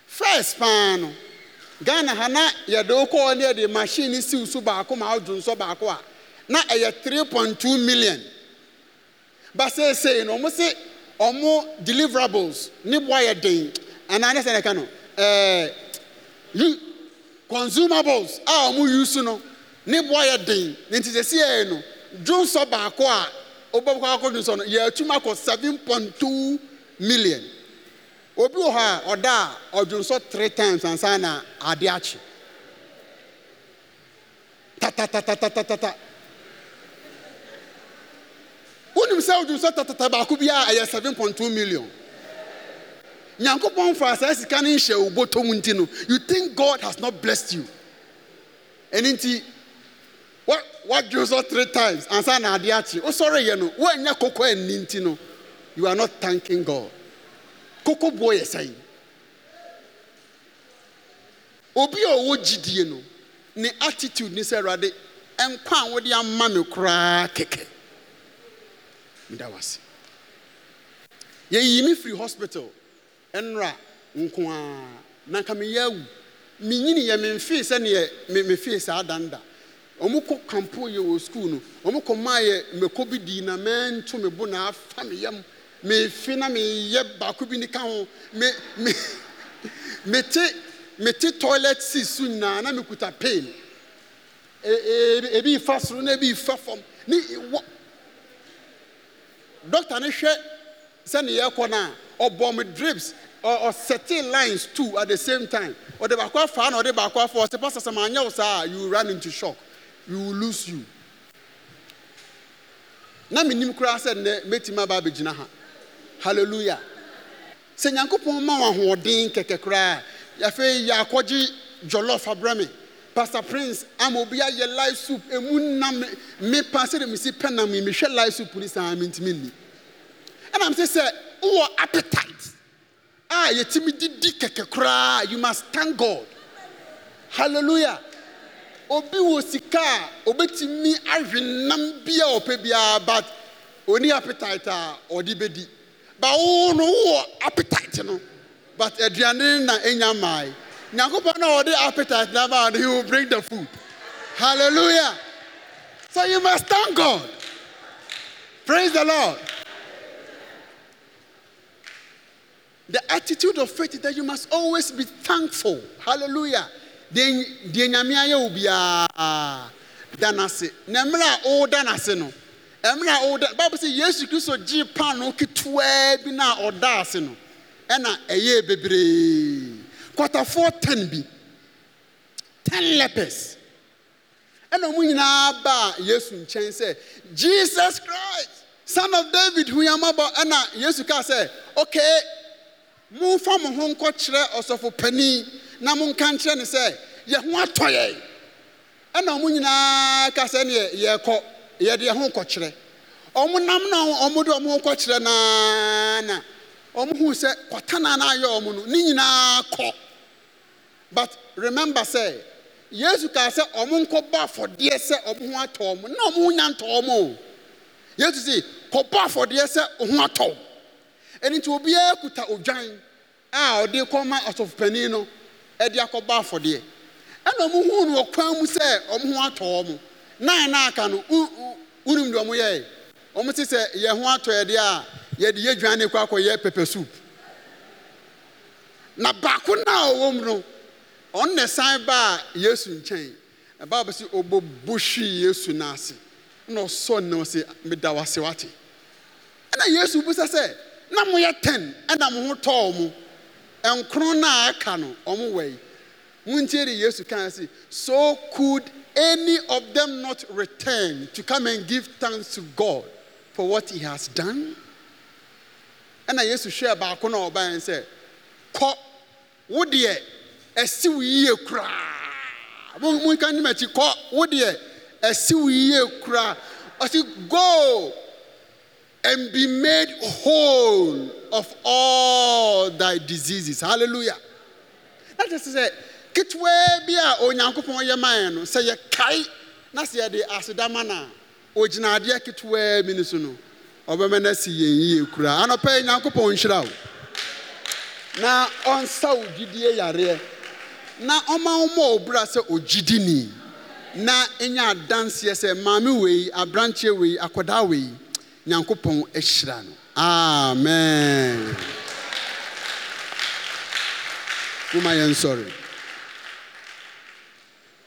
first paa no ghana ha na yɛde wokɔɔ ne yɛde machine siw so baako ma wodwo nsɔ baako a na ɛyɛ 3.2 million baseesei no ɔmo se ɔmo deliverables ne boa yɛ den anaa ne sɛ ne ka no ɛɛ yi consumables a ɔmo use no ne boa yɛ den ne ti sɛ seɛ no dwonsɔ baako a ɔbɛbɔ akɔ dwonsɔ no yɛ atum akɔ seven point two million obi wɔ hɔ a ɔda a ɔdwonsɔ three times ansa na ta ta ta. wonim sɛ wodwom sɛ tatata baako biara ɛyɛ 7.2 million nyankopɔn fa saa sika no nhyɛ wo bɔtɔ mu nti no you think god has not blessed you ɛno nti wadwo sɔ three times ansa na adeɛ akye wosɔreyɛ no woanya koko anni nti no you are not thanking god koko boɔ yɛ sɛe obi a ɔwɔ gyidie no ne attitude ni sɛ awurade nkwa a wode ama me koraa kɛkɛ medawse yɛyime fri hospital ɛnerɛ nko aa nanka meyɛ awu menyini yɛ mefee sɛneɛ me fee saa adan da ɔmokɔ kampo yɛ wɔ sukuul no ɔmokɔmaa yɛ mɛkɔ bi dii na mɛnto me bo na afa meyam mefe na meyɛ baako bi ni ka ho mete toilet si so nyinaa na mekuta pein ɛbi e, e, refa soro na ɛbi rfa fam ne dɔkta ne hwɛ sɛne yɛrekɔ no a ɔbɔ me drips ɔsɛte lines too at the same time ɔde baako afaa na ɔde baako afa ɔsi pastor sɛ maanyɛ wo saa a you will run into shock you will lose you na menim koraa sɛ nnɛ mɛtumi aba abɛgyina ha hallelujah sɛ nyankopɔn ma wo ahoɔden kɛkɛ koraa afei yɛ akɔgye jɔlɔf abrɛ pastor prince ama obi ayɛ soup emu nam mepa sɛde mesi pɛ nam yi mehwɛ live soup ni saa mentumi nni ɛnam sɛ sɛ wowɔ appetite a yɛtumi didi kɛkɛ koraa you must thank god hallelujah obi wɔ sika a obetumi ahwe nam bi ɔpɛ biara but oni appetite a ɔde bɛdi ba wo no wowɔ oh, appetite no but eh, aduane na enya eh, mmaa yi. nyankopɔn na ɔde appetite na ba he will bring the food hallelujah so you must thank god praise the lord the attitude of faith is that you must always be thankful hallelujah Then, nyame ayɛ wo biara da n'ase na mmerɛ a no Emra o. ɔreda bible says, "Jesus Christ, gyee paanoo na ɔda no Ena ɛyɛɛ quarter ten bi ten lepers ɛna ɔmo nyinaa baa yesu nkyɛn sɛ jesus christ son of david hu yɛn ɛna yesu kaa sɛ okay momfa mo ho nkɔkyerɛ ɔsɔfo panin na monka nkyerɛ ne sɛ yɛ ho atɔ yɛn ɛna ɔmo nyinaa ka sɛ ne yɛkɔ yɛde yɛn ho nkɔkyerɛ ɔmo nam na ɔmo de ɔmo ho nkɔkyerɛ naana ɔmo hu sɛ kɔtana na ayɛ ɔmo no ne nyinaa kɔ. but remember say yesu ka sɛ ɔmo nkɔbɔ afɔdeɛ sɛ ɔmo ho atɔ ɔmo na ɔmo ho nya ntɔ ɔmo yesu si kɔbɔ afɔdeɛ sɛ ɔho atɔ ɛni nti obiara kuta odwan a ɔde kɔma ɔsɔfopanin no ɛde akɔbɔ afɔdeɛ ɛna ɔmo hu no ɔkwan mu sɛ ɔmo ho atɔ ɔmo nan na aka no wunim deɛ ɔmo yɛ ɔmo ti sɛ yɛn ho atɔ yɛde a yɛde yɛ dwan ne kɔ akɔ yɛ pepper soup na baako na ɔwɔ mu no. ɔno nɛ sae ba a yesu nkyɛn ɛba wobɛ sɛ ɔbɔbo hwee yesu no ase na ɔsɔ nna sɛ medawoasewate ɛna yesu bo sɛ sɛ na moyɛ ten ɛna mo ho tɔo mo nkro no a aka no ɔmo wɛi montie de yesu ka si so could any of them not return to come and giv thanks to god for what e has don ɛna yesu hwɛɛ baako no a wɔbaɛn sɛ kɔ wo deɛ ɛsi wo yie koraa monka nim akyi kɔ wo deɛ ɛsi wo yie koraa ɔsi go and be made whole of all thy diseases hallelujah na kyerɛ sɛ sɛ ketewa bi a onyankopɔn yɛ man no sɛ yɛkae na sɛ yɛde asedama no a ogyina adeɛ ketewa bi no so no ɔbɛma no asi yɛn yie koraa anɔpɛ nyankopɔn nhyira wo na ɔnsa wo gyidie yareɛ na ọma wɔma ɔbura sɛ ogyidini na ịnya adanseɛ ese maame wei wee wei akwadaa wei nyankopɔn ahyira no amen